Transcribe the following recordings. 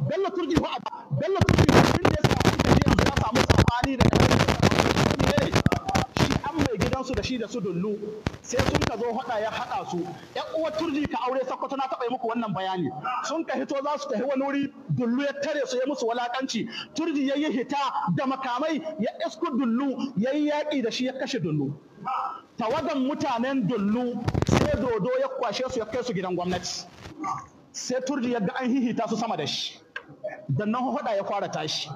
bello turji ba bello turji abin da ya samu da yanzu ya samu sabani da ne shi an mai gidansu da shi da su dullu sai sun ka zo hada ya hada su yan uwa turji ka aure sakkwato na taba yi muku wannan bayani sun ka hito za su tafi wani wuri dullu ya tare su ya musu walakanci turji ya yi hita da makamai ya isku dullu ya yi yaƙi da shi ya kashe dullu Tawagan mutanen dullu sai dodo ya kwashe su ya kai su gidan gwamnati sai turji ya ga an hihita su sama da shi da nan hoda ya fara tashi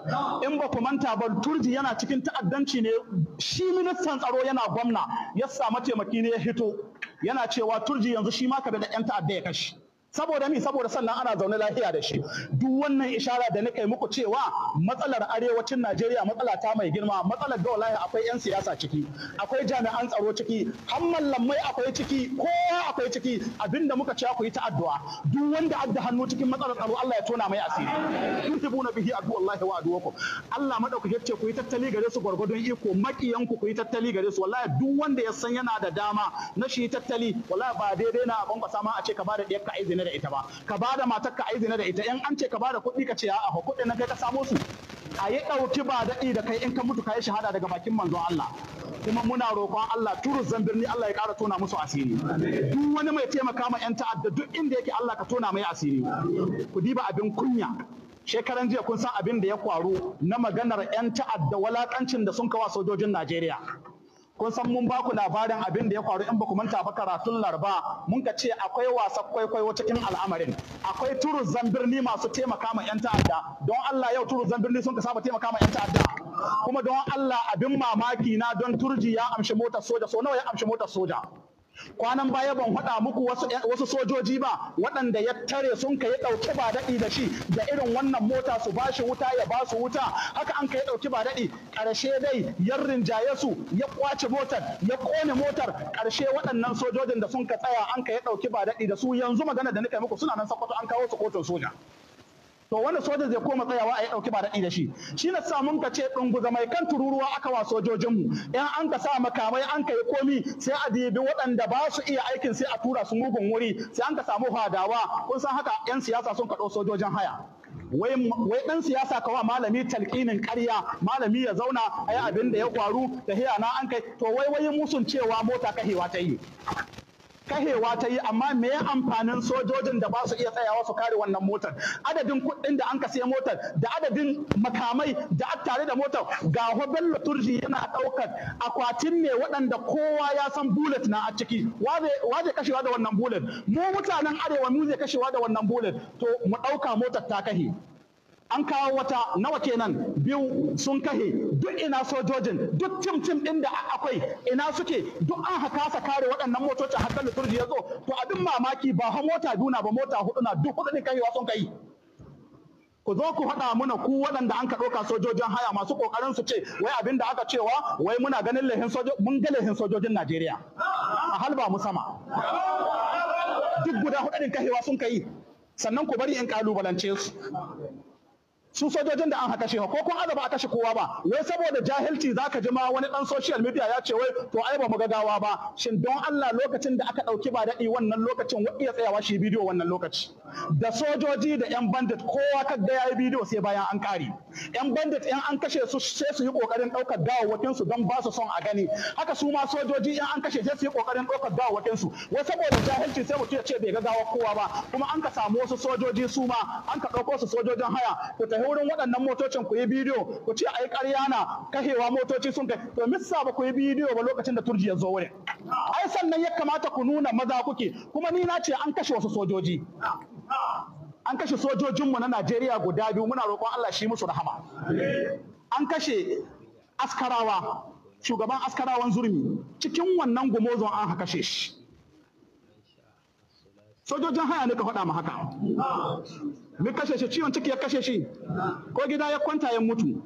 in ba ku manta ba turji yana cikin ta'addanci ne shi ministan tsaro yana gwamna ya samu taimaki ne ya hito yana cewa turji yanzu shi ma ka da yan ta'adda ya kashe saboda mi saboda sannan ana zaune lafiya da shi duk wannan ishara da nake muku cewa matsalar arewacin Najeriya matsala ta mai girma matsalar da wallahi akwai yan siyasa ciki akwai jami'an tsaro ciki har mallamai akwai ciki kowa akwai ciki abinda muka ce ku yi ta addu'a duk wanda adda hannu cikin matsalar tsaro Allah ya tona mai asiri yuhibuna bihi addu wallahi wa addu'akum Allah madaukake ce ku yi tattali gare su gwargwadon iko makiyan ku yi tattali gare su wallahi duk wanda ya san yana da dama na shi tattali wallahi ba daidai na a bankwasa ma a ce ka ba da ɗiyar ka izini izini da ita ba ka ba da matar ka izini zina da ita in an ce ka ba da kuɗi ka ce a'a kuɗin nan kai ka samo su a yi ɗauki ba daɗi da kai in ka mutu ka yi shahada daga bakin manzon Allah kuma muna roƙon Allah turu birni Allah ya ƙara tona musu asiri duk wani mai taimaka ma 'yan ta'adda duk inda yake Allah ka tona mai asiri ku diba abin kunya shekaran jiya kun san abin da ya kwaru na maganar 'yan ta'adda walakancin da sun kawa sojojin Najeriya kun san mun baku labarin abin da ya faru in baku manta ba karatun larba mun ka ce akwai wasa kwaikwayo cikin al'amarin akwai turu birni masu taimaka ma yan ta'adda don Allah yau turu birni sun ka saba taimaka ma yan ta'adda kuma don Allah abin mamaki na don turji ya amshi motar soja so nawa ya amshi motar soja kwanan baya ban haɗa muku wasu sojoji ba waɗanda ya tare sun ka yi ɗauki ba daɗi da shi da irin wannan mota su ba shi wuta ya ba su wuta haka an ka yi ɗauki ba daɗi ƙarshe dai ya rinjaye su ya kwace motar ya ƙone motar ƙarshe waɗannan sojojin da sun ka tsaya an ka yi ɗauki ba daɗi da su yanzu magana da nake muku suna nan sakwato an kawo su kotun soja. to wani soja zai koma tsayawa a yi ɗauki ba daɗi da shi shi na sa mun ka ce ɗunguza mai kan tururuwa aka wa sojojinmu in an ka sa makamai an ka yi komi sai a dibi waɗanda ba su iya aikin sai a tura su mugun wuri sai an ka samu hadawa kun san haka 'yan siyasa sun kaɗo sojojin haya wai ɗan siyasa kawa malami talƙinin ƙarya malami ya zauna a yi abin da ya faru da hiyana an kai to wai wai musun cewa mota kahewa ta yi kahewa ta yi amma me ya amfanin sojojin da ba su iya tsayawa su kare wannan motar adadin kuɗin da an ka motar da adadin makamai da tare da motar ga bello turji yana ɗaukar akwatin ne waɗanda kowa ya san bullet na a ciki wa zai kashewa da wannan bullet mu mutanen arewa mu zai kashewa da wannan bullet to mu ɗauka motar ta kahe an kawo wata nawa kenan biyu sun kahe duk ina sojojin duk tim tim din da akwai ina suke duk an hakasa kare waɗannan motoci har da liturji ya zo to abin mamaki ba ha mota biyu ba mota hudu na duk hudu din sun kai ku zo ku haɗa muna ku waɗanda an ka ɗauka sojojin haya masu ƙoƙarin su ce wai abin da aka cewa wai muna ganin lehin sojo mun ga lehin sojojin Najeriya a halba mu sama duk guda hudu din kahewa sun kai sannan ku bari in ƙalubalance su su sojojin da an haka shi ko kun azaba a kashe kowa ba wai saboda jahilci zaka ji ma wani dan social media ya ce wai to ai ba mu gagawa ba shin don Allah lokacin da aka dauki ba dadi wannan lokacin wa ya tsayawa shi bidiyo wannan lokaci da sojoji da yan bandit kowa ka ga yayi bidiyo sai bayan an kare yan bandit yan an kashe su sai su yi kokarin daukar dawowin su don ba su son a gani haka su ma sojoji yan an kashe sai su yi kokarin daukar dawowin su wai saboda jahilci sai mutum ya ce bai gagawa kowa ba kuma an ka samu wasu sojoji su ma an ka dauko su sojojin haya to wurin waɗannan motocin ku yi bidiyo ku ce ai ƙarya na kahewa motoci sun kai to missa ba ku yi bidiyo ba lokacin da turji ya zo wurin ai sannan ya kamata ku nuna maza kuke kuma ni na ce an kashe wasu sojoji an kashe sojojinmu na Najeriya guda biyu muna roƙon Allah shi musu rahama an kashe askarawa shugaban askarawan zurmi cikin wannan gumozon an kashe shi sojojin haya ne ka faɗa ma haka ni kashe shi ciwon ciki ya kashe shi ko gida ya kwanta ya mutu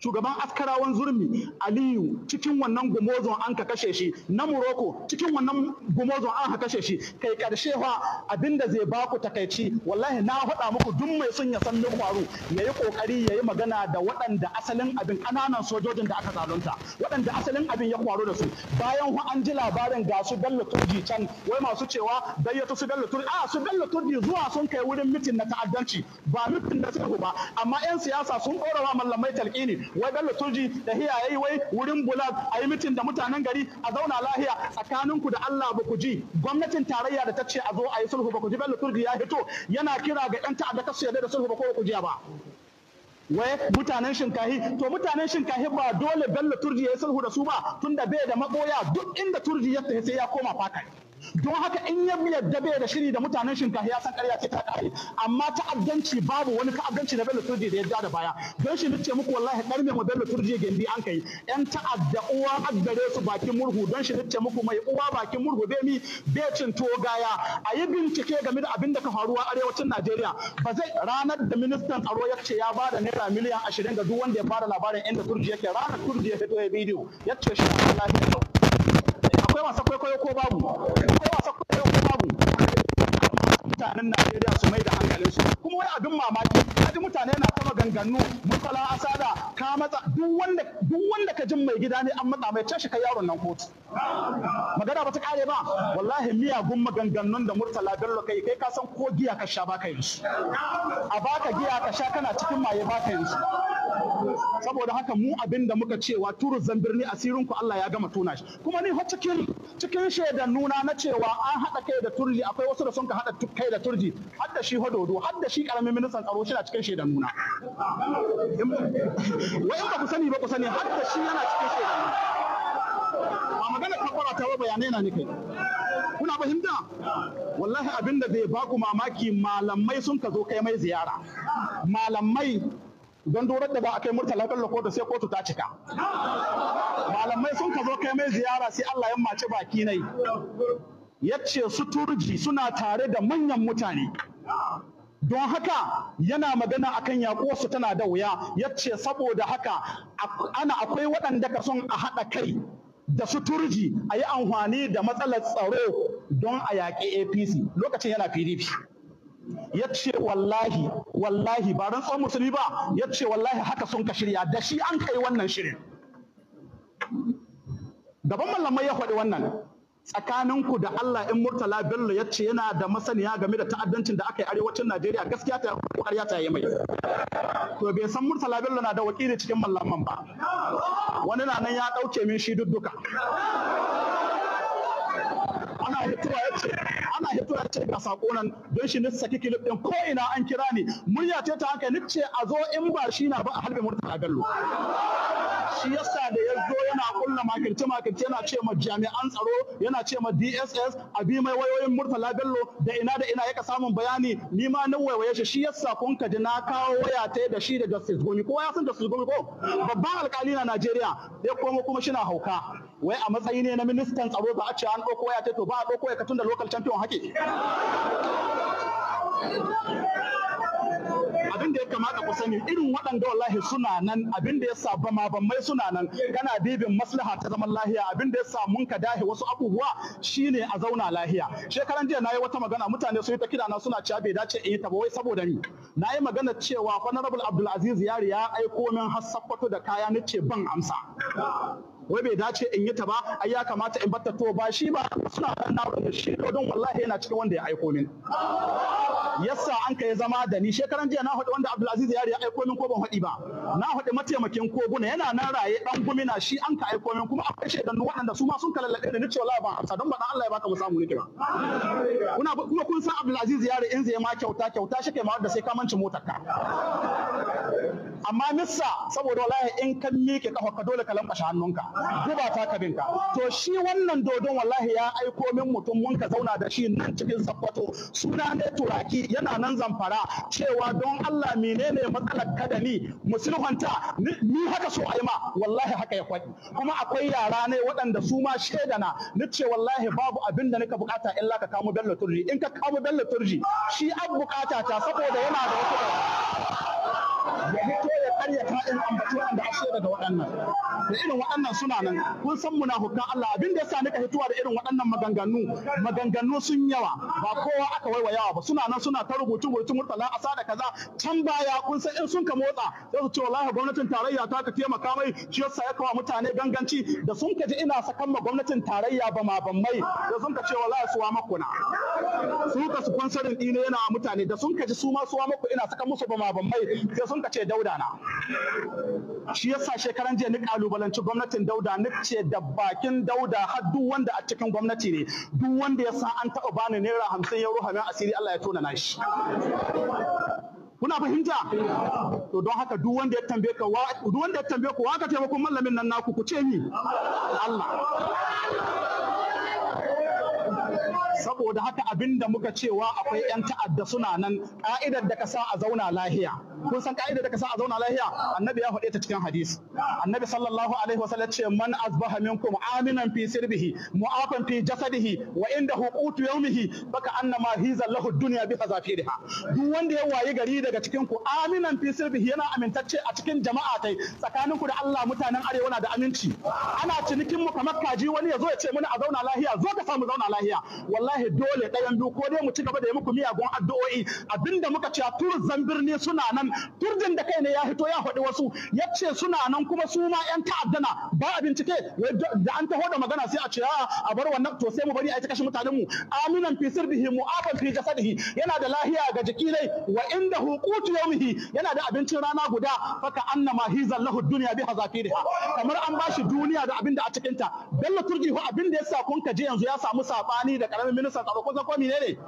shugaban askarawan zurmi aliyu cikin wannan gumozon an ka kashe shi na Morocco cikin wannan gumozon an ka kashe shi kai karshe fa abinda zai baku takaici wallahi na faɗa muku duk mai son ya san me faru yayi kokari yayi magana da waɗanda asalin abin ƙananan sojojin da aka zalunta waɗanda asalin abin ya faru da su bayan ku an ji labarin ga su Bello Turji can wai masu cewa bayyato su Bello Turji a ah, su Bello Turji zuwa sun kai wurin mitin na ta'addanci ba mitin da suka ba amma 'yan siyasa sun ɗora wa mallamai talƙini wai bello turji da hiya yayi wai wurin bulag a yi mitin da mutanen gari a zauna lahiya ku da Allah ba ku ji gwamnatin tarayya da ta ce a zo a yi sulhu ba ku ji bello turji ya hito yana kira ga yan ta'adda kasu yarda da sulhu ba ko ku ji ba wai mutanen shinkahi to mutanen shinkahi ba dole bello turji ya yi sulhu da su ba tunda bai da maboya duk inda turji ya tafi sai ya koma fakai don haka in ya yadda bai da shiri da mutanen shinkafa ya san ƙarya ce ta kai amma ta'addanci babu wani ta'addanci na Bello Turji da ya da baya don shi nace muku wallahi dar mai Bello Turji gindi an kai yan ta'adda uwa addare su bakin murhu don shi nace muku mai uwa bakin murhu bai mi bai cin to gaya a yi bincike game da abin da ka a arewacin Najeriya ba zai ranar da ministan tsaro ya ce ya ba da naira miliyan ashirin ga duk wanda ya fara labarin inda Turji yake ranar Turji ya fito ya bidiyo ya ce shi Allah akwai wasan kwaikwayo ko babu akwai kwaikwayo ko babu mutanen Najeriya su mai da hankalin su kuma wai abin mamaki kaji mutane na ta maganganu mukala asada ka matsa duk wanda duk wanda ka jin mai gida ne an matsa mai tashi kai yaron nan kotu magana ba ta kare ba wallahi miyagun maganganun da murtala bello kai kai ka san ko giya ka sha baka yanzu a baka giya ka sha kana cikin maye baka yanzu saboda haka mu abin da muka cewa turu birni asirin ku Allah ya gama tona shi kuma ni har cikin cikin shaidan nuna na cewa an haɗa kai da turli akwai wasu da sun ka haɗa kai da turji har da shi hadodo har da shi karamin ministan tsaro shi na cikin shaidan nuna wai ba ku sani ba ku sani har da shi yana cikin shaidan ba magana fara ta bayanai na nake kuna fahimta wallahi abinda zai baku mamaki malamai sun ka zo kai mai ziyara malamai don dorar da ba a kai murtala bello kotu sai kotu ta cika malamai sun ka zo kai mai ziyara sai Allah ya mace baki nai yace su turji suna tare da manyan mutane don haka yana magana akan yaƙuwarsu tana da wuya yace saboda haka ana akwai waɗanda ka son a haɗa kai da su turji a yi amfani da matsalar tsaro don a yaƙi apc lokacin yana pdp ya ce wallahi wallahi ba rantsuwar musulmi ba ya ce wallahi haka sun ka shirya da shi an kai wannan shirin daban mallamai ya faɗi wannan tsakaninku da Allah in Murtala Bello ya ce yana da masaniya game da ta'addancin da aka yi arewacin Najeriya gaskiya ta ƙarya ta yi mai. To bai san Murtala Bello na da wakili cikin mallaman ba. Wani na nan ya ɗauke min shi duka. ana hitowa ya ce ana hitowa ya ga sako nan don shi ni saki kilif din ko ina an kira ni murya ce ta haka ni ce a zo in ba shi na ba a halbe murtala gallo shi yasa da ya zo yana kulla makirce makirce yana ce ma jami'an tsaro yana ce ma DSS a bi mai wayoyin murtala bello da ina da ina yaka samun bayani ni ma na waiwaye shi shi yasa kun kaji na kawo waya ta da shi da Justice Gomi kowa ya san Justice Gomi ko babban alkali na Najeriya ya koma kuma shi na hauka wai a matsayi ne na ministan tsaro ba a ce an ɗauko waya ta to ba a ɗauko ya katun da local champion hake abin da ya kamata ku sani irin waɗanda wallahi suna nan abin da ya sa ban mai suna nan kana bibin maslaha ta zaman lahiya abin da ya sa mun ka dahe wasu abubuwa shine a zauna lahiya shekaran jiya nayi wata magana mutane su yi ta kira na suna cewa bai dace in yi ta ba wai saboda ni yi magana cewa honorable Abdulaziz Yari ya aiko min har sakkwato da kaya na ce ban amsa wai bai dace in yi ta ba ai ya kamata in batta to ba shi ba suna nan na da shi don wallahi yana cikin wanda ya aiko min yasa an kai zama da ni shekaran jiya na haɗu wanda Abdulaziz Yari ya aiko min ko ban haɗi ba na haɗu mataimakin koguna yana nan raye dan gumina shi an ka aiko min kuma akwai shaidan waɗanda su ma sun kalallaɗe da ni cewa wallahi ban amsa don ba dan Allah ya baka mu samu nake ba kuna kuma kun san Abdulaziz Yari in zai ma kyauta kyauta shi kai ma wanda sai ka manci motar ka amma missa saboda wallahi in kan miƙe kafa ka dole ka lankwashe hannunka guba ta kabin to shi wannan dodon wallahi ya aiko min mutum mun ka zauna da shi nan cikin sakkwato suna ne turaki yana nan zamfara cewa don Allah menene matsalar ka da ni musulhunta ni haka so ai ma wallahi haka ya kwadi kuma akwai yara ne waɗanda su ma shaida na ni ce wallahi babu abin da nika bukata illa ka kamo bello turji in ka kamo bello turji shi an bukata ta saboda yana da wasu da ya ta in ambaci wanda ashe daga waɗannan da irin waɗannan suna nan kun san muna munafukan Allah abin da yasa nika hituwa da irin waɗannan maganganu maganganu sun yawa ba kowa aka waiwaya ba suna nan suna ta rubutu rubutu murtala asa da kaza can baya kun san in sun ka motsa sai su ce wallahi gwamnatin tarayya ta ka taimaka mai shi yasa ya kawo mutane ganganci da sun ka ji ina sakan ma gwamnatin tarayya ba ma ban mai da sun ka ce wallahi suwa makuna su ka su kwansarin ɗine yana mutane da sun ka ji su ma suwa maku ina sakan musu ba ma ban mai sai sun ka ce dauda na shi yasa shekaran jiya ni kalubalanci gwamnatin dauda ni ce da bakin dauda har duk wanda a cikin gwamnati ne duk wanda ya san an taɓa bani naira hamsin ya ruha asiri Allah ya tona na shi kuna fahimta to don haka duk wanda ya tambaye ka duk wanda ya tambaye ku wa ka taimakon mallamin nan naku ku ce ni Allah saboda haka abin da muka cewa akwai 'yan ta'adda suna nan ka'idar da ka sa a zauna lahiya kun san ka'idar da ka sa a zauna lahiya annabi ya faɗe ta cikin hadisi annabi sallallahu alaihi wasallam ce man asbaha minkum aminan fi sirbihi mu'afan fi jasadihi wa indahu yawmihi baka annama hiza lahu dunya bi hazafiriha duk wanda ya wayi gari daga cikin ku aminan fi sirbihi yana amintacce a cikin jama'a tai tsakanin ku da Allah mutanen arewa na da aminci ana cinikin mu kamar kaji wani ya zo ya ce mana a zauna lahiya zo ka samu zauna lahiya wallahi wallahi dole ɗayan biyu ko dai mu ci gaba da yi muku miyagun addu'o'i abinda muka ce tur zambirni suna nan turdin da kai ne ya hito ya faɗi wasu ya ce suna nan kuma su ma ƴan ta'addana ba a bincike da an taho da magana sai a ce a bar wannan to sai mu bari a yi ta kashe mutanen mu aminan fi sirbihi mu'afan fi jasadihi yana da lahiya ga jiki dai wa inda hukutu yaumihi yana da abincin rana guda faka ma hizan lahu dunya bi hazafiriha kamar an bashi duniya da abinda a cikinta bello turji abinda ya sa kun ka ji yanzu ya samu sabani da karamin karamin ministan tsaro kun san ne ne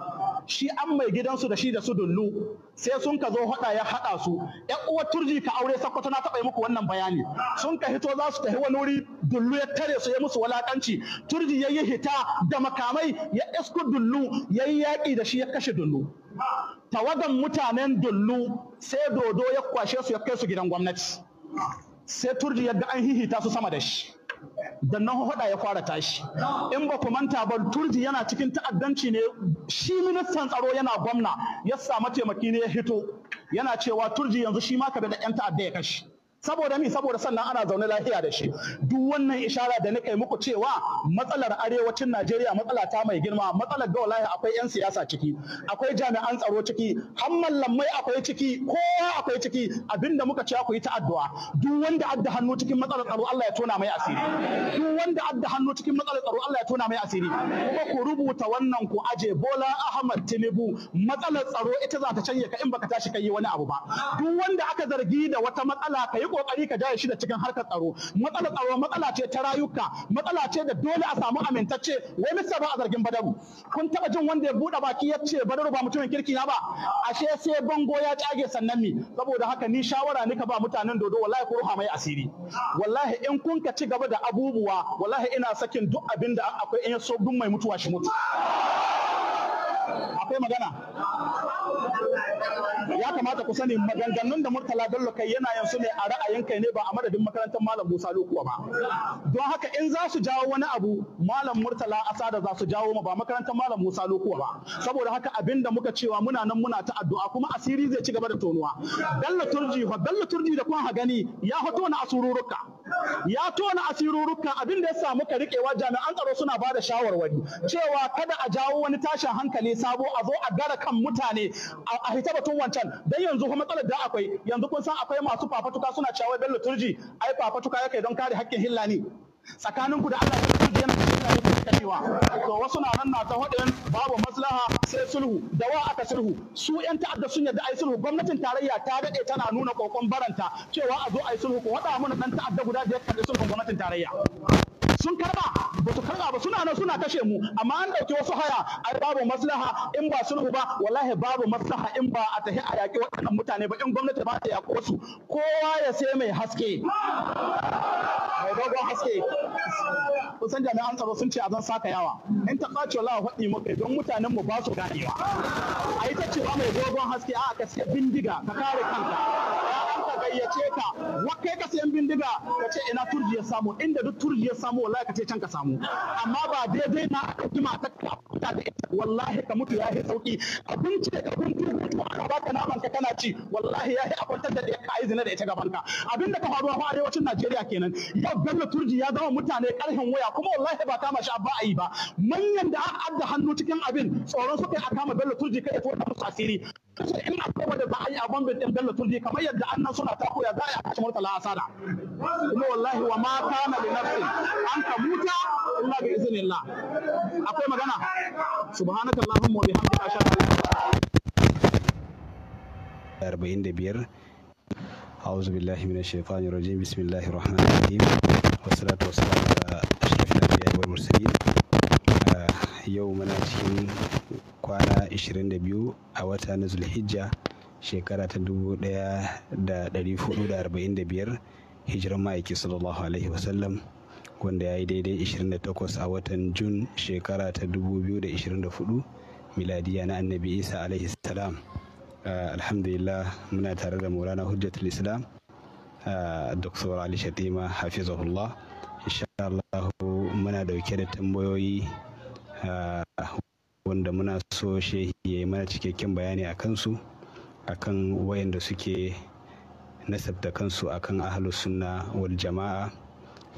shi an mai gidansu da shi da su dullu sai sun ka zo hada ya hada su ƴan uwar turji ka aure sakkwato na taɓa yi muku wannan bayani sun ka hito za su tafi wani wuri dullu ya tare su ya musu walakanci turji ya yi hita da makamai ya isku dullu ya yi yaƙi da shi ya kashe dullu tawagan mutanen dullu sai dodo ya kwashe su ya kai su gidan gwamnati sai turji ya ga an hihita su sama da shi nan hoda ya fara tashi in ba ku manta ba turji yana cikin ta'addanci ne shi ministan tsaro yana gwamna ya samu taimaki ne ya hito yana cewa turji yanzu shi ma ka da yan ta'adda ya kashi saboda mi saboda sannan ana zaune lafiya da shi duk wannan ishara da nake muku cewa matsalar arewacin Najeriya matsala ta mai girma matsalar da wallahi akwai yan siyasa ciki akwai jami'an tsaro ciki har mallamai akwai ciki kowa akwai ciki abinda muka ce ku yi ta addu'a duk wanda adda hannu cikin matsalar tsaro Allah ya tona mai asiri duk wanda adda hannu cikin matsalar tsaro Allah ya tona mai asiri kuma ku rubuta wannan ku aje Bola Ahmad Tinubu matsalar tsaro ita za ta canje ka in baka tashi kai wani abu ba duk wanda aka zargi da wata matsala kai kokari ka jaye shi da cikin harkar tsaro matsala tsaro matsala ce ta rayuka matsala ce da dole a samu amintacce wai mista ba a zargin badaru kun taba jin wanda ya buɗe baki ya ce badaru ba mutumin kirki na ba ashe sai bango ya tsage sannan mi saboda haka ni shawara ni ka ba mutanen dodo wallahi ku ruha mai asiri wallahi in kun ka ci gaba da abubuwa wallahi ina sakin duk abin da akwai in so duk mai mutuwa shi mutu akwai magana ya kamata ku sani maganganun da Murtala Bello kai yana yanzu ne a ra'ayin kai ne ba a madadin makarantar Malam Musa Lokuwa ba. Don haka in za su jawo wani abu Malam Murtala da za su jawo ma ba makarantar Malam Musa Lokuwa ba. Saboda haka abin da muka cewa muna nan muna ta addu'a kuma asiri zai ci gaba da tonuwa. Bello Turji fa Bello Turji da kun ha gani ya hoto na asururuka. ya tona asirurruka abin da ya samu ka riƙewa jami'an tsaro suna ba da shawarwari cewa kada a jawo wani tashin hankali sabo a zo a gara kan mutane a hita batun wancan dan yanzu kuma matsalar da akwai yanzu kun san akwai masu fafatuka suna cewa bello turji ai fafatuka yake don kare haƙƙin hillani tsakaninku da Allah yana karewa to wasu na nan na ta hudin babu maslaha sai sulhu da wa aka sulhu su yan ta'adda sun yarda ai sulhu gwamnatin tarayya ta dade tana nuna kokon baranta cewa a zo ai sulhu ko wada mana dan ta'adda guda da ya kalli sulhun gwamnatin tarayya sun karba ba su karba ba suna nan suna kashe mu amma an ɗauki wasu haya ai babu maslaha in ba sulhu ba wallahi babu maslaha in ba a tahi a yaƙi waɗannan mutane ba in gwamnati ba ta yaƙo su kowa ya sai mai haske mai dogon haske kusan jami'an tsaro sun ce a zan saka yawa in ta kwace wallahi faɗi maka don mutanen mu ba su ganewa a yi ta cewa mai dogon haske a ka sai bindiga ka kare kanka ya ka gayyace ka kai ka sayan bindiga ka ce ina turji ya samu inda duk turji ya samu wallahi ka ce can ka samu amma ba daidai na aka ji mata ka da ita wallahi ka mutu yahi sauki abinci da ka kuntu ka baka naman ka kana ci wallahi yahi a kwantar da ka yi zina da ita gaban ka abin da ka faru a arewacin Najeriya kenan yau Bello Turji ya zama mutane karhin waya kuma wallahi ba kama shi ba a yi ba manyan da aka adda hannu cikin abin tsoron su kai a kama Bello Turji kai ya tona musu asiri kace a koma da za a yi a Gombe ɗin Bello Turji kamar yadda annan suna ta koya za a yi a kashe Murtala Asada kuma wallahi wa ma kana li nafsin an tamuta illa bi iznillah akwai magana subhanakallahumma wa bihamdika ashhadu an la ilaha illa anta 45 أعوذ بالله من الشيطان الرجيم بسم الله الرحمن الرحيم والصلاة والسلام على أشرف الأنبياء والمرسلين yau muna cikin kwana 22 a wata na zulhijja shekara ta 1445 hijirar ma'aiki sallallahu alaihi wasallam wanda ya yi daidai 28 a watan jun shekara ta 2024 miladiya na annabi isa alaihi salam ah, alhamdulillah muna tare da maulana hujjatul islam ah, dr ali shatima hafizahullah insha Allah muna dauke da tambayoyi Eh, wanda muna so shehi ya yi mana cikakken bayani a kansu akan wayanda suke nasabta kansu akan kan sunna wal jama'a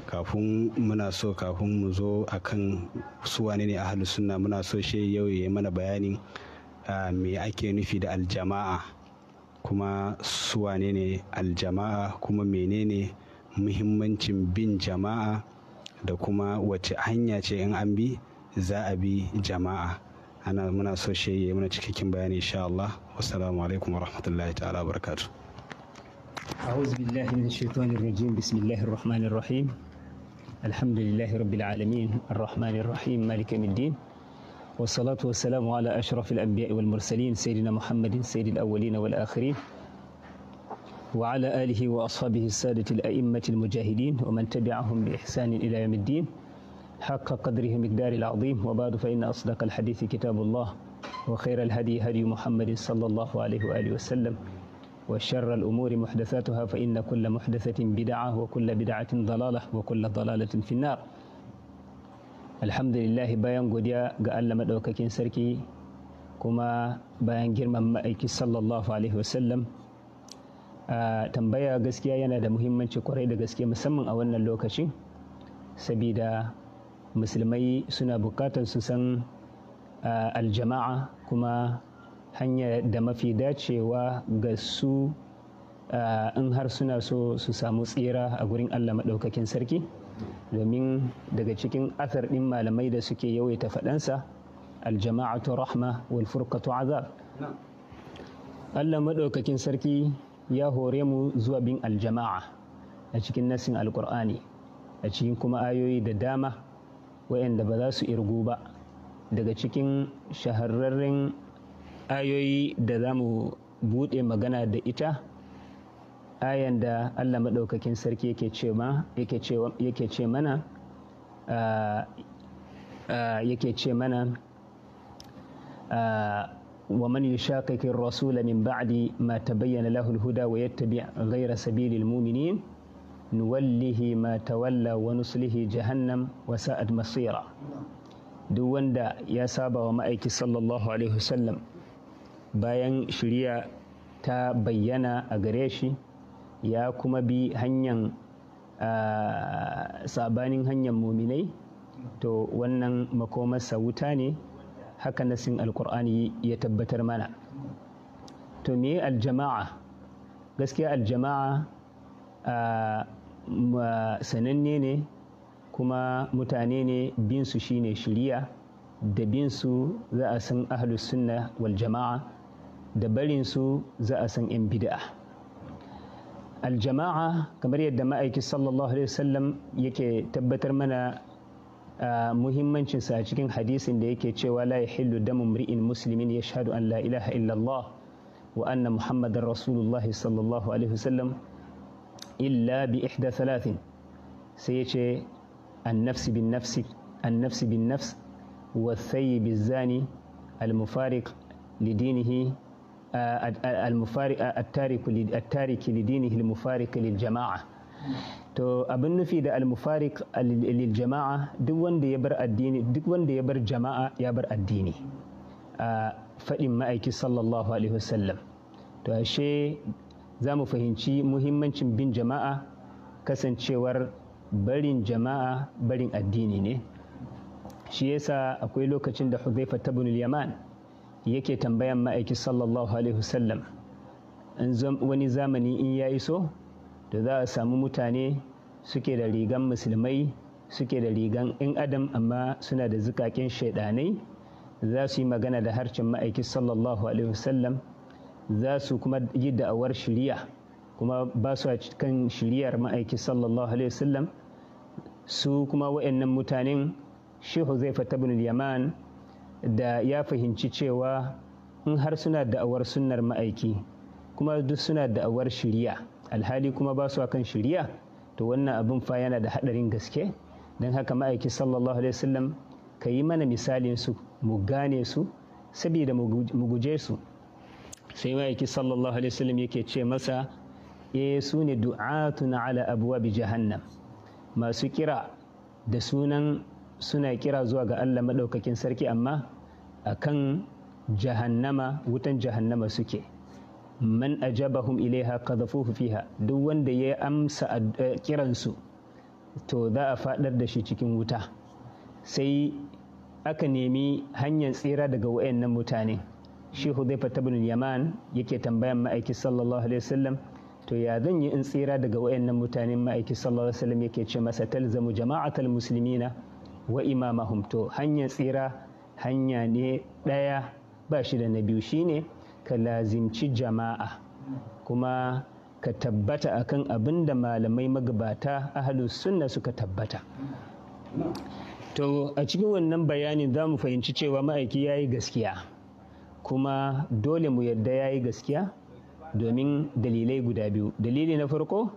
kafin muna so kafin mu zo akan su wane ne sunna muna so shehi yau ya yi mana bayani. Ah, me ake nufi da aljama'a kuma su wane ne aljama'a kuma menene muhimmancin bin jama'a da kuma wace hanya ce in an bi za a bi jama'a ana muna so shi ya muna cikakken bayani insha Allah assalamu alaikum wa rahmatullahi ta'ala wa a'udhu أعوذ بالله من الشيطان الرجيم بسم الله الرحمن الرحيم الحمد لله رب العالمين الرحمن الرحيم مالك يوم الدين والصلاة والسلام على أشرف الأنبياء والمرسلين سيدنا محمد سيد الأولين والآخرين وعلى آله وأصحابه السادة الأئمة المجاهدين ومن تبعهم بإحسان إلى يوم الدين حق قدره مقدار العظيم وبعد فإن أصدق الحديث كتاب الله وخير الهدي هدي محمد صلى الله عليه وآله وسلم وشر الأمور محدثاتها فإن كل محدثة بدعة وكل بدعة ضلالة وكل ضلالة في النار الحمد لله بيان قديا قال لما كين سركي كما بيان جرم مأيك صلى الله عليه وسلم Uh, tambaya gaskiya yana da muhimmanci kwarai da gaske musamman a musulmai suna bukatar su san aljama'a kuma hanya da mafi dacewa ga su in har suna so su samu tsira a gurin allah maɗaukakin sarki domin daga cikin athar ɗin malamai da suke yawaita faɗansa aljama'atu rahma wal furqatu azab allah maɗaukakin sarki ya hore mu zuwa bin aljama'a a cikin nasin alkur'ani a cikin kuma ayoyi da dama waɗanda ba za su irgu ba daga cikin shahararren ayoyi da za mu buɗe magana da ita ayan da allah maɗaukakin sarki yake ce mana yake ce mana ومن يشاقق الرسول من بعد ما تبين له الهدى ويتبع غير سبيل المؤمنين nuwallihi ma tawalla wa nuslihi jahannam wa sa'ad masira duk wanda ya saba wa ma'aiki sallallahu alaihi wasallam bayan shirya ta bayyana a gare shi ya kuma bi hanyar sabanin hanyar muminai to wannan makomarsa wuta ne haka nasin alkur'ani ya tabbatar mana to me aljama'a gaskiya aljama'a sananne ne kuma mutane ne binsu shine shiriya da binsu za a san ahlus sunna wal jama'a da barinsu za a san 'yan bid'a aljama'a kamar yadda ma'aiki sallallahu alaihi wasallam yake tabbatar mana muhimmancinsa a cikin hadisin da yake cewa la yahillu damu mri'in muslimin yashhadu an la ilaha illallah wa anna muhammadar rasulullahi sallallahu alaihi wasallam illa bi ihda salatin sai ya ce annafsi bin nafsi annafsi bin nafs wa sayi bin zani al-mufarik lidinihi التارك لدينه المفارق للجماعة to abin nufi da almufarik lil jama'a duk wanda ya bar addini duk wanda ya bar jama'a ya bar addini a fadin ma'aiki sallallahu alaihi wasallam to ashe za mu fahimci muhimmancin bin jama'a kasancewar barin jama'a barin addini ne shi yasa akwai lokacin da huzaifa ta yaman yake tambayan ma'aiki sallallahu alaihi wasallam wani zamani in ya iso da za a samu mutane suke da rigan musulmai suke da rigan 'yan adam amma suna da zukakin shaidanai za su yi magana da harcin ma'aiki sallallahu alaihi wasallam za su kuma yi da'awar shiriya kuma ba su a kan shiriyar ma'aiki sallallahu alaihi wasallam su kuma wa'annan mutanen shehu zai fata bin yaman da ya fahimci cewa in har suna da'awar sunnar ma'aiki kuma duk suna da'awar shiriya alhali kuma ba su a kan shiriya to wannan abin fa yana da haɗarin gaske don haka ma'aiki sallallahu alaihi wasallam ka yi mana misalin su mu gane su saboda mu guje su sai ma'aiki sallallahu alaihi wasallam yake ce masa eh su ne du'atun ala abuwa bi jahannam masu kira da sunan suna kira zuwa ga Allah maɗaukakin sarki amma akan jahannama wutan jahannama suke man ajabahum ilaiha qadhafuhu fiha duk wanda ya amsa eh, kiransu to za a fadar da shi cikin wuta sai aka nemi hanyar tsira daga wayannan mutane shi hudhaifa ibn yaman yake tambayan ma'aiki sallallahu alaihi wasallam to ya zan yi in tsira daga wayannan mutanen ma'aiki sallallahu alaihi wasallam yake ce masa talzamu jama'atul muslimina wa imamahum to hanyar tsira hanya ne ɗaya ba shi da na biyu shine ka lazimci jama'a kuma ka tabbata akan abin da malamai magabata ahalus sunna suka tabbata to a cikin wannan bayanin za mu fahimci cewa ma'aiki ya yi gaskiya kuma dole mu yarda ya yi gaskiya domin dalilai guda biyu dalili na farko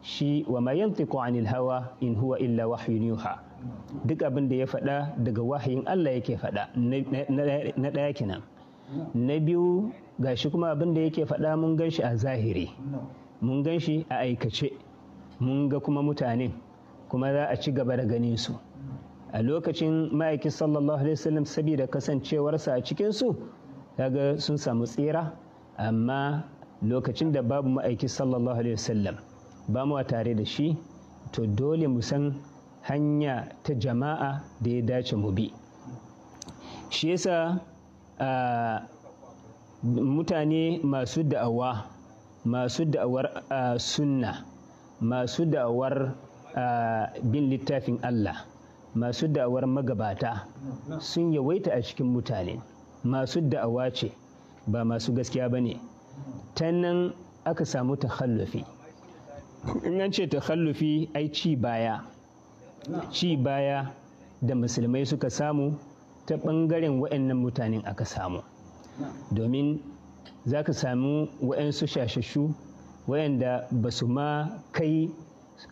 shi wa ma anil hawa in huwa illa wahyun yuha duk abin da ya faɗa daga wahayin Allah yake faɗa na ɗaya kenan na biyu gashi kuma abin da yake faɗa mun gan shi a zahiri mun gan shi a aikace mun ga kuma mutane kuma za a ci gaba da ganin su a lokacin ma'aikin sallallahu alaihi wasallam saboda kasancewarsa a cikin su ga sun samu tsira amma lokacin da babu ma'aiki sallallahu alaihi wasallam ba mu tare da shi to dole mu san hanya ta jama'a da ya dace mu bi shi yasa mutane masu da'awa masu da'awar sunna masu da'awar bin littafin Allah masu da'awar magabata sun yawaita a cikin mutane masu da'awa ce ba masu gaskiya ba ne ta nan aka samu takhallufi in an ce takhallufi ai ci baya ci baya da musulmai suka samu ta ɓangaren waɗannan mutanen aka samu domin za ka samu waɗansu shashashu waɗanda ba su ma kai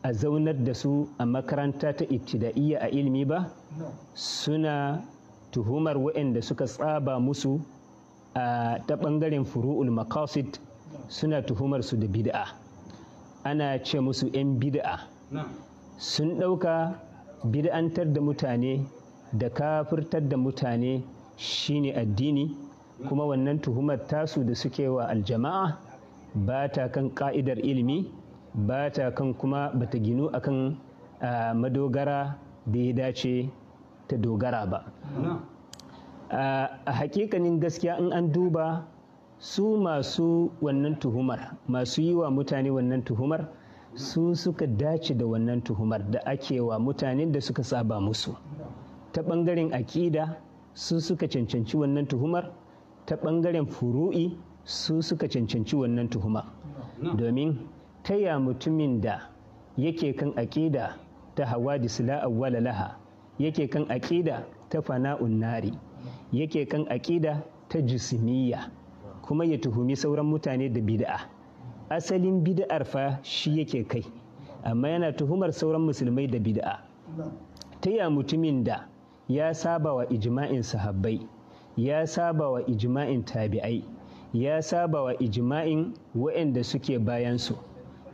a zaunar da su a makaranta ta ibtida'iyya a ilimi ba suna tuhumar waɗanda suka tsaba musu a ta ɓangaren furu'ul makasit suna tuhumar su da bid'a ana ce musu 'yan bid'a sun ɗauka bid'antar da mutane da kafirtar da mutane shine addini kuma wannan tuhumar tasu da suke wa aljama'a ba ta kan ka'idar ilimi ba ta kan kuma bata ginu akan madogara da ya dace ta dogara ba a hakikanin gaskiya in an duba su masu wannan tuhumar masu yi wa mutane wannan tuhumar su suka dace da wannan tuhumar da ake wa mutanen da suka saba musu ta ɓangaren aƙida su suka cancanci wannan tuhumar ta ɓangaren furu'i su suka cancanci wannan tuhumar domin taya mutumin da yake kan aƙida ta hawa disla awwala laha yake kan aƙida ta fana'un nari yake kan aƙida ta jisimiyya kuma ya tuhumi sauran mutane da bid'a asalin bid'ar fa shi yake kai amma yana tuhumar sauran musulmai da bid'a ta ya mutumin da ya saba wa ijma'in sahabbai ya saba wa ijma'in tabi'ai ya saba wa ijma'in waɗanda suke bayansu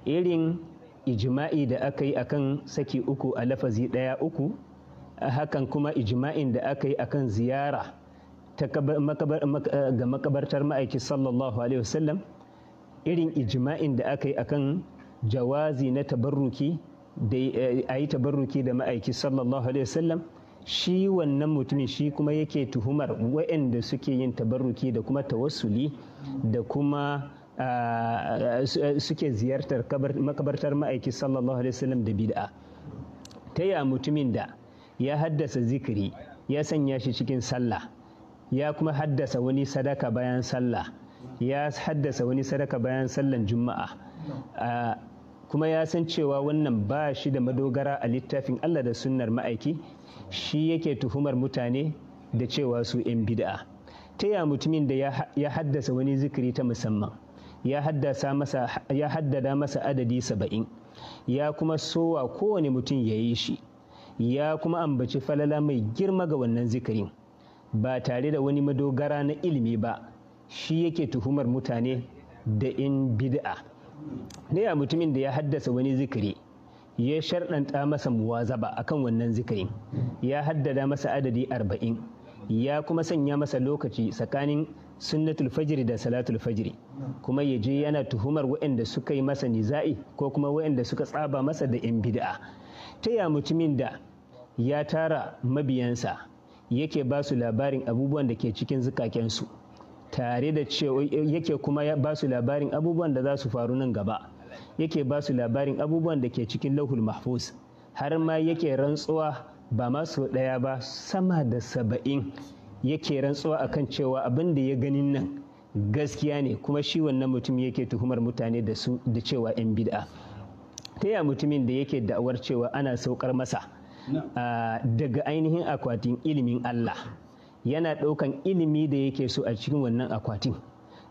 irin ijima'i da aka yi akan saki uku a lafazi ɗaya uku hakan kuma ijma'in da aka yi akan ziyara eh, ga makabartar ma'aiki sallallahu alaihi wasallam irin ijma'in da aka yi akan jawazi na tabarruki da eh, a yi tabarruki da ma'aiki sallallahu alaihi wasallam shi wannan mutumin shi kuma yake tuhumar waɗanda suke yin tabarruki da kuma tawassuli da kuma ah, eh, suke ziyartar makabartar ma'aiki sallallahu alaihi wasallam da bid'a ta ya mutumin da ya haddasa zikiri ya sanya shi cikin sallah ya kuma haddasa wani sadaka bayan sallah ya haddasa wani sadaka bayan sallan juma'a kuma ya san cewa wannan ba shi da madogara a littafin Allah da sunnar ma'aiki shi yake tuhumar mutane da cewa su 'yan bid'a ta ya mutumin da ya haddasa wani zikiri ta musamman ya haddada masa adadi saba'in ya kuma sowa kowane mutum ya yi shi ya kuma ambaci falala mai girma ga wannan zikirin ba tare da wani madogara na ilimi ba shi yake tuhumar mutane da in bid'a ne mutumin da ya haddasa wani zikiri ya sharɗanta masa muwazaba akan wannan zikirin ya haddada masa adadi arba'in ya kuma sanya masa lokaci tsakanin sunnatul fajiri da salatul fajiri kuma ya je yana tuhumar waɗanda suka yi masa niza'i ko kuma waɗanda suka tsaba masa da 'yan bid'a ta ya mutumin da ya tara mabiyansa yake ba su labarin abubuwan da ke cikin zukakensu tare da cewa yake kuma ba su labarin abubuwan da za su faru nan gaba yake ba su labarin abubuwan da ke cikin lahul mahfuz har ma yake rantsuwa ba masu ɗaya ba sama da saba'in yake rantsuwa a kan cewa abin da ya ganin nan gaskiya ne kuma shi wannan mutum yake tuhumar mutane da da cewa 'yan bid'a. ta ya mutumin da yake da'awar cewa ana saukar masa ah, daga ainihin akwatin ilimin Allah yana ɗaukan ilimi da yake so a cikin wannan akwatin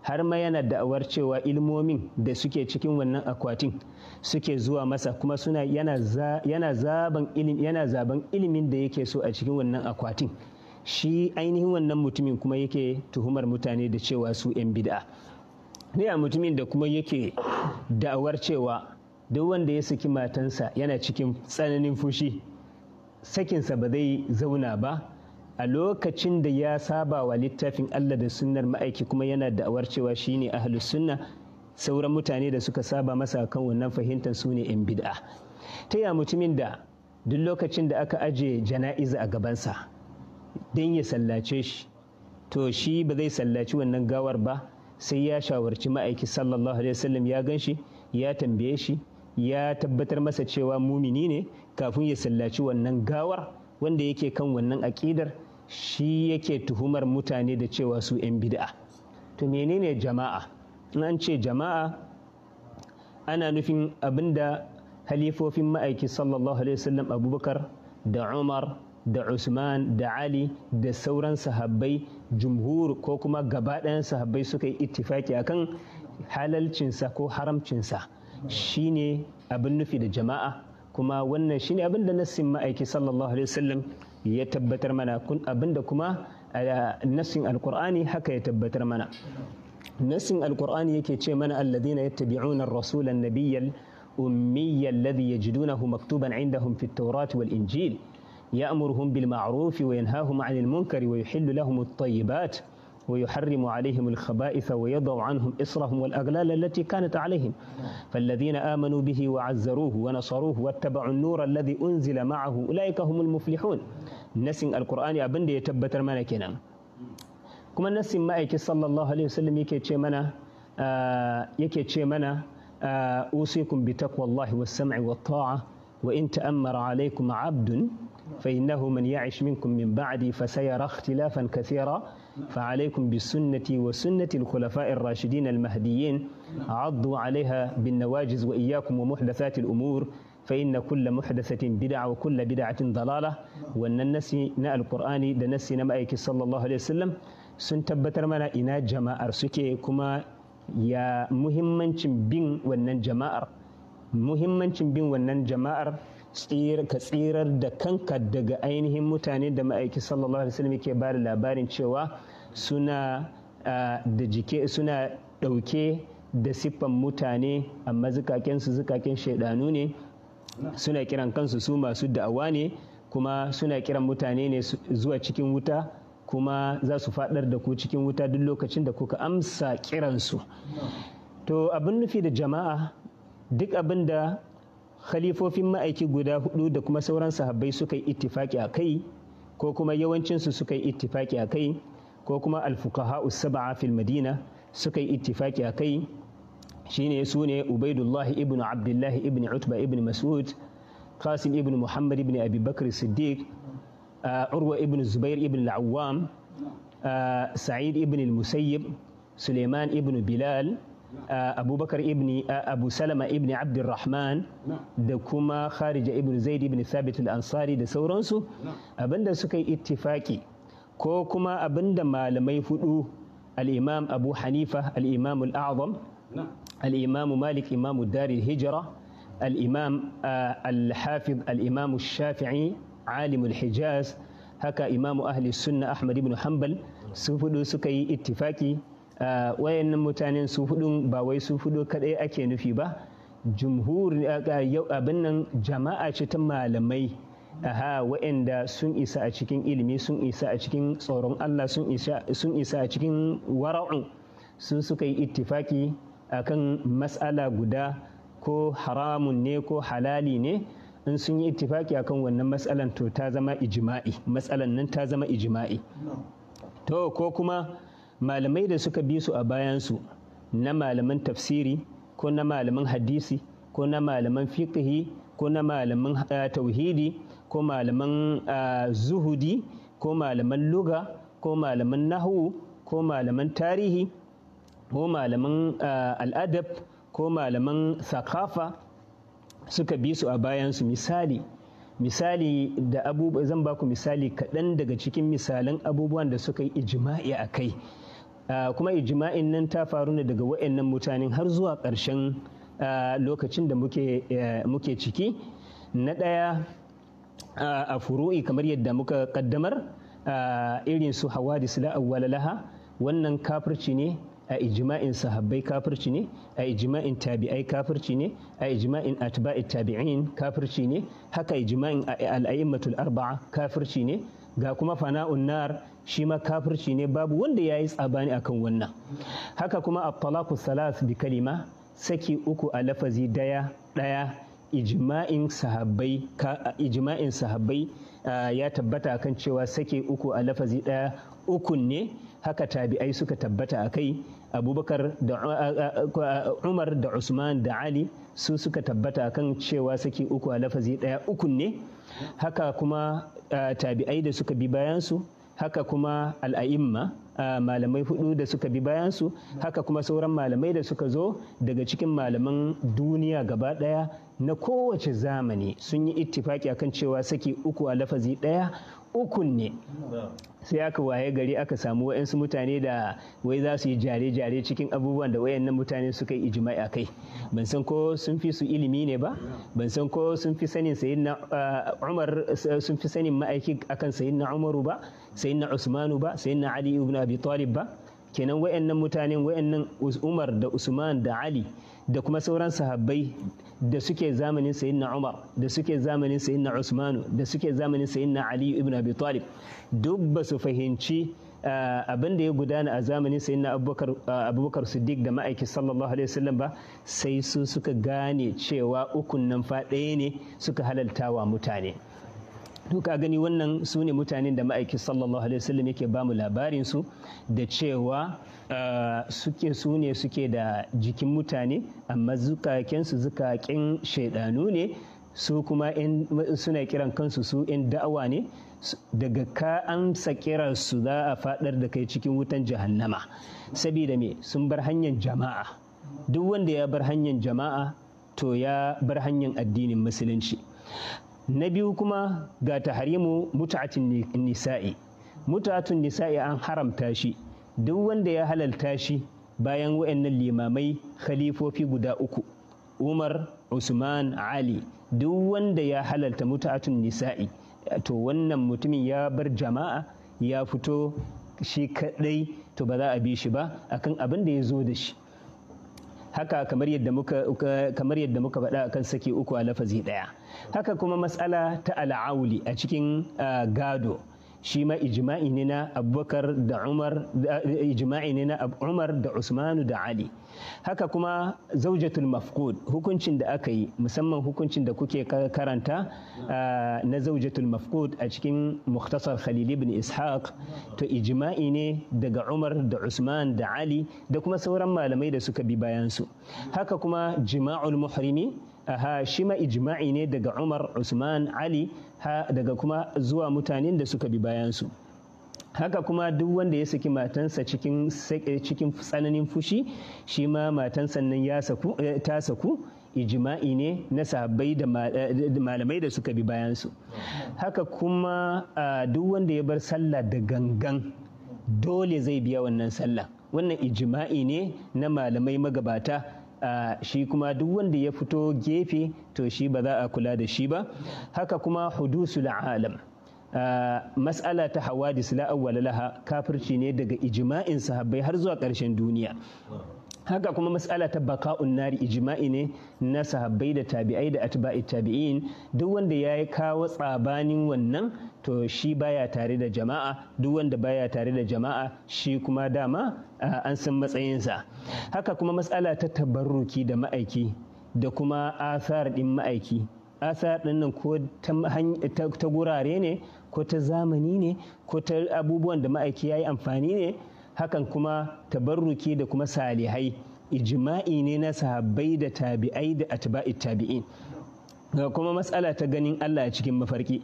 har ma yana da'awar cewa ilmomin da suke cikin wannan akwatin suke zuwa masa kuma suna yana zaban yana ilimin da yake so a cikin wannan akwatin shi ainihin wannan mutumin kuma yake tuhumar mutane da cewa su 'yan bid'a ne a mutumin da kuma yake da'awar cewa duk wanda ya saki matansa yana cikin tsananin fushi sakinsa ba zai zauna ba a lokacin da ya saba wa littafin Allah da sunnar ma'aiki kuma yana da'awar cewa shine ahlus sunna sauran mutane da suka saba masa kan wannan fahimtar su ne 'yan bid'a ta ya mutumin da duk lokacin da aka aje jana'iza a gabansa don ya sallace shi to shi ba zai sallaci wannan gawar ba sai ya shawarci ma'aiki sallallahu alaihi wasallam ya gan shi ya tambaye shi ya tabbatar masa cewa mumini ne kafin ya sallaci wannan gawar wanda yake kan wannan aƙidar shi yake tuhumar mutane da cewa su 'yan bid'a to menene jama'a in an ce jama'a ana nufin abinda halifofin ma'aiki sallallahu alaihi wasallam abubakar da umar da usman da ali da sauran sahabbai jumhur ko kuma gaba ɗayan sahabbai suka yi ittifaki akan halalcinsa ko haramcinsa shine abin nufi da jama'a kuma wannan shine abin da nassin ma'aiki sallallahu alaihi wasallam ya tabbatar mana kun abin da kuma nassin alqur'ani haka ya tabbatar mana nassin alqur'ani yake ce mana alladhina yattabi'una ar-rasula an-nabiyya الأمي الذي يجدونه مكتوبا عندهم في التوراة والإنجيل يأمرهم بالمعروف وينهاهم عن المنكر ويحل لهم الطيبات ويحرم عليهم الخبائث ويضع عنهم إصرهم والأغلال التي كانت عليهم فالذين آمنوا به وعزروه ونصروه واتبعوا النور الذي أنزل معه أولئك هم المفلحون نسين القرآن أبن دي يتبتر مانا كنا كما ما يكي صلى الله عليه وسلم يكي تشي آه يكي تشي آه أوصيكم بتقوى الله والسمع والطاعة وإن تأمر عليكم عبد فإنه من يعش منكم من بعدي فسيرى اختلافا كثيرا فعليكم بسنتي وسنة الخلفاء الراشدين المهديين عضوا عليها بالنواجز وإياكم ومحدثات الأمور فإن كل محدثة بدعة وكل بدعة ضلالة وأن النسي ناء القرآن دنسي نمأيك صلى الله عليه وسلم سنتبتر منا إنا جماعة سكي كما يا مهمن بين ونن جماعة مهمن بين ونن جماعة ka tsirar da kanka daga ainihin mutane da ma'aiki sallallahu alaihi wasallam ke da labarin cewa suna da jike suna ɗauke da siffan mutane amma zukakensu zukaken shaidanu ne suna kiran kansu su masu da'awa ne kuma suna kiran mutane ne zuwa cikin wuta kuma za su faɗar da ku cikin wuta duk lokacin da kuka amsa kiransu to abin nufi da jama'a duk abin da khalifofin ma'aiki guda hudu da kuma sauran sahabbai suka yi ittifaki a kai ko kuma yawancinsu suka yi ittifaki a kai ko kuma alfukaha saba'a fil madina suka yi ittifaki a kai shine su ne ubaidullah ibn abdullahi ibn utba ibn mas'ud qasim ibn muhammad ibn abi bakr siddiq uh, urwa ibn zubair ibn al-awwam uh, sa'id ibn al-musayyib suleiman ibn bilal abubakar ibni abu salama ibni abdurrahman da kuma kharija ibn zaid ibn thabit al-ansari da sauransu abinda suka yi ittifaki ko kuma abinda malamai hudu al-imam abu hanifa al-imam al-a'zam al-imam malik imam dari hijra al-imam al-hafiz al-imam shafi'i alim al-hijaz haka imam ahli sunna ahmad ibn hanbal su hudu suka yi ittifaki Eh, wayannan mutanen su hudu ba wai su hudu kadai ake nufi ba jumhur eh, eh, abin nan jama'a ce ta malamai aha waɗanda sun isa a cikin ilimi sun isa a cikin tsoron Allah sun isa a cikin wara'u sun suka yi ittifaki akan matsala guda ko haramun ne ko halali ne in sun yi ittifaki akan wannan matsalan to ta zama ijima'i matsalan nan ta zama ijima'i to ko kuma malamai da suka bi su a bayansu na malaman tafsiri ko na malaman hadisi ko na malaman fiqhi ko na malaman eh, tauhidi ko malaman eh, zuhudi ko malaman luga ko malaman nahu ko malaman tarihi ko malaman eh, al'adab ko malaman sakafa suka bi su a bayansu misali misali da abubuwa zan baku misali kaɗan daga cikin misalan abubuwan da suka yi ijima'i a kai Ah, kuma ijma'in nan ta faru ne daga wa'annan mutanen har zuwa ƙarshen ah, lokacin da eh, muke ciki na ɗaya ah, a furu'i kamar yadda muka ƙaddamar irin su hawadis la awwala laha wannan kafirci ne a ijma'in sahabbai kafirci ne a ijma'in tabi'ai kafirci ne a ijma'in atba'i tabi'in kafirci ne haka ijma'in al'a'immatul arba'a kafirci ne ga kuma fana'un nar shi ma kafirci ne babu wanda ya yi tsabani kan wannan haka kuma a talaqu salas bi kalima saki uku a lafazi daya daya ijma'in sahabbai ijma'in ya tabbata kan cewa saki uku a lafazi daya ukun ne haka tabi'ai suka tabbata a kai. abubakar da umar da usman da ali su suka tabbata kan cewa saki uku a lafazi daya ukun ne haka kuma tabi'ai da suka bi bayansu haka kuma al'a'imma malamai hudu da suka bi bayansu haka kuma sauran malamai da suka zo daga cikin malaman duniya gaba daya na kowace zamani sun yi ittifaki akan cewa saki uku a lafazi daya ukun ne sai aka waye gari aka samu wa'yansu mutane da wai za su yi jare-jare cikin abubuwan da wayannan mutane suka yi ijimai a kai ban san ko sun fi su ilimi ne ba ban san ko sun fi sanin sayin na uh, umar uh, sun fi sanin ma'aiki akan sayin na umaru ba sayin na usmanu ba sayin na ali ibn abi talib ba kenan wayannan mutanen wayannan umar da usman da ali da kuma sauran sahabbai da suke zamanin sayyidina Umar da suke zamanin sayyidina Usmanu da suke zamanin sayyidina Ali ibn Abi Talib duk ba su fahimci eh, abin da ya gudana a zamanin sayyidina eh, Abubakar Siddiq da ma'aiki sallallahu alaihi wasallam ba sai su suka gane cewa ukun nan fa ɗaya ne suka wa mutane duka gani wannan su ne mutanen da ma'aiki sallallahu alaihi wasallam yake bamu labarin su da cewa Eh, suke su ne suke da jikin mutane amma zukakensu zukakin shaidanu ne su kuma suna kiran kansu su in da'awa ne daga ka amsa kiransu za a fadar da kai cikin wutan jahannama saboda me sun bar hanyar jama'a duk wanda ya bar hanyar jama'a to ya bar hanyar addinin musulunci na biyu kuma ga taharimu muta'atin nisa'i nisa'i an haramta shi duk wanda ya halalta shi bayan wa'annan limamai khalifofi guda uku umar usman ali duk wanda ya halalta mutatun nisa'i to wannan mutumin ya bar jama'a ya fito shi kadai to ba za a bi shi ba akan abin da ya zo da shi haka kamar yadda muka kamar yadda muka faɗa akan saki uku a lafazi ɗaya haka kuma matsala ta al'auli a cikin ah, gado shi ma ijma'i ne na abubakar da umar eh, ijma'i ne na umar da usmanu da ali haka kuma zaujatul mafqud hukuncin da aka yi musamman hukuncin da kuke karanta eh, na zaujatul mafqud a cikin muktasar khalil ibn ishaq to ijma'i ne daga umar da usman da ali da kuma sauran malamai da suka bi bayansu haka kuma jima'ul muhrimi ha shi ma ijma'i ne daga Umar Usman Ali ha daga kuma zuwa mutanen da suka bi bayansu haka kuma duk wanda ya saki matansa cikin eh, cikin tsananin fushi shi ma matansa nan ya saku eh, ta saku ijma'i ne na sahabbai eh, da malamai da suka bi bayansu haka kuma duk wanda ya bar sallah da gangan dole zai biya wannan sallah wannan ijima'i ne na malamai magabata shi kuma duk wanda ya fito gefe to shi ba za a kula da shi ba haka kuma hudusul alam mas'ala ta hawadis la awwala laha kafirci ne daga ijma'in sahabbai har zuwa ƙarshen duniya haka kuma matsala ta baka'un nari ijma'i ne na sahabbai da tabi'ai da atba'i tabi'in duk wanda ya yi kawo tsabanin wannan to shi baya tare da jama'a duk wanda baya tare da jama'a shi kuma dama an san matsayinsa haka kuma matsala ta tabarruki da ma'aiki da kuma asar din ma'aiki asar din nan ko ta gurare ne ko ta zamani ne ko ta abubuwan da ma'aiki ya yi amfani ne hakan kuma tabarruki da kuma salihai ijma'i ne na sahabbai da tabi'ai da atba'i tabi'in ga kuma matsala ta ganin Allah a cikin mafarki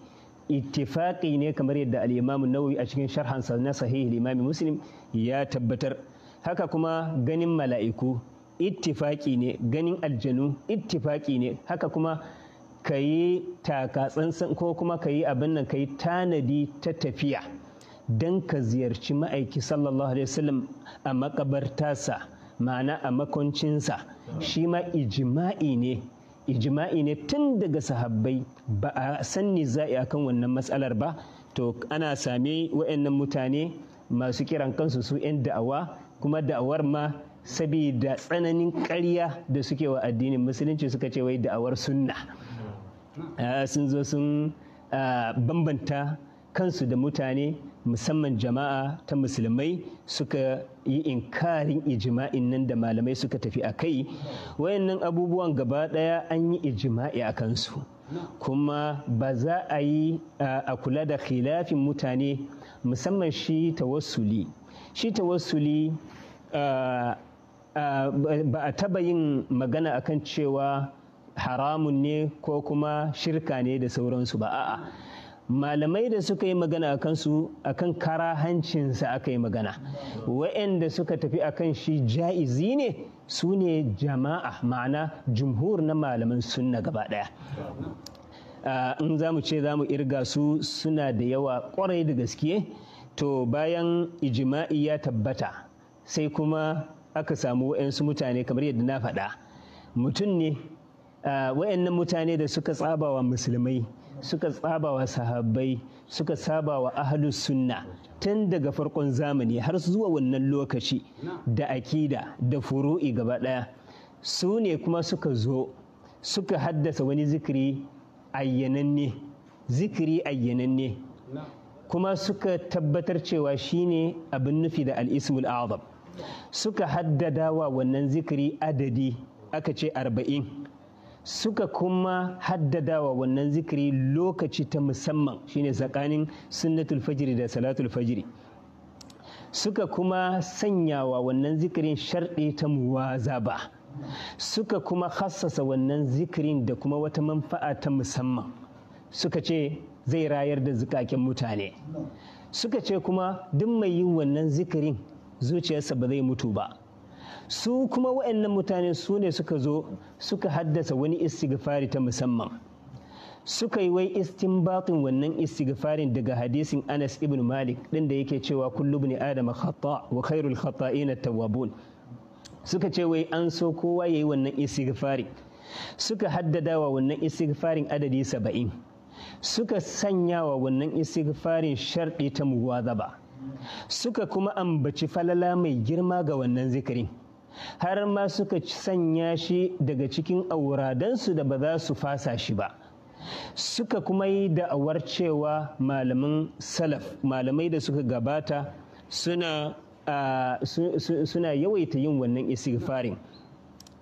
ittifaqi ne kamar yadda al-Imam Nawawi a cikin sharhansa na sahih al-Imam Muslim ya tabbatar haka kuma ganin mala'iku ittifaqi ne ganin aljanu ittifaqi ne haka kuma kayi takatsantsan ko kuma kayi abin nan kayi tanadi ta tafiya don ka ziyarci ma'aiki sallallahu alaihi wasallam a makabartarsa ma'ana a makoncinsa shi ma ijima'i ne ijima'i ne tun daga sahabbai ba a san za'i akan wannan matsalar ba to ana same wa'annan mutane masu kiran kansu su 'yan da'awa kuma da'awar ma sabida tsananin ƙarya da suke wa addinin musulunci suka ce wai da'awar sunna hmm. ah, sun zo sun ah, bambanta kansu da mutane musamman jama'a ta musulmai suka yi inkarin ijima'in nan da malamai suka tafi a kai wayannan abubuwan gaba ɗaya an yi ijima'i a kansu kuma ba za a yi a kula da khilafin mutane musamman shi tawassuli shi tawassuli ba a taba yin magana akan cewa haramun ne ko kuma shirka ne da sauransu ba a'a malamai da suka yi magana a kansu a kan hancinsa aka yi magana wa'anda suka tafi a kan shi ja'izi ne su ne jama'a ma'ana jumhur na malaman sunna gaba ɗaya in za mu ce za mu irga su suna da yawa kwarai da gaske to bayan ijima'i ya tabbata sai kuma aka samu wa'ansu mutane kamar yadda na faɗa mutum ne wa'annan mutane da suka tsabawa musulmai suka tsaba wa sahabbai suka saba wa ahlus sunna tun daga farkon zamani har zuwa wannan lokaci da akida da furu'i gaba ɗaya su ne kuma suka zo suka haddasa wani zikiri ayyananne zikiri ayyananne kuma suka tabbatar cewa shine abin nufi da al'ismul azam suka haddada wa wannan zikiri adadi aka ce arba'in suka kuma haddada wa wannan zikiri lokaci ta musamman shine tsakanin sunnatul fajiri da salatul fajiri suka kuma sanya wa wannan zikirin sharɗi ta muwaza ba. suka kuma hassasa wannan zikirin da kuma wata manfa'a ta musamman suka ce zai rayar da zikaken mutane suka ce kuma duk mai yin wannan zikirin zuciyarsa ba zai mutu ba su kuma waɗannan mutane su ne suka zo suka haddasa wani istighfari ta musamman suka yi wai istinbatin wannan istighfarin daga hadisin Anas ibn Malik din da yake cewa kullu ibn adam khata wa khairul khata'ina tawwabun suka ce wai an so kowa yayi wannan istighfari suka haddada wa wannan istighfarin adadi saba'in suka sanya wa wannan istighfarin sharɗi ta muwazaba suka kuma ambaci falala mai girma ga wannan zikirin har ma suka sanya shi daga cikin auradansu da ba za su fasa shi ba suka kuma yi da'awar cewa malaman salaf malamai da suka gabata suna suna yawaita yin wannan istighfarin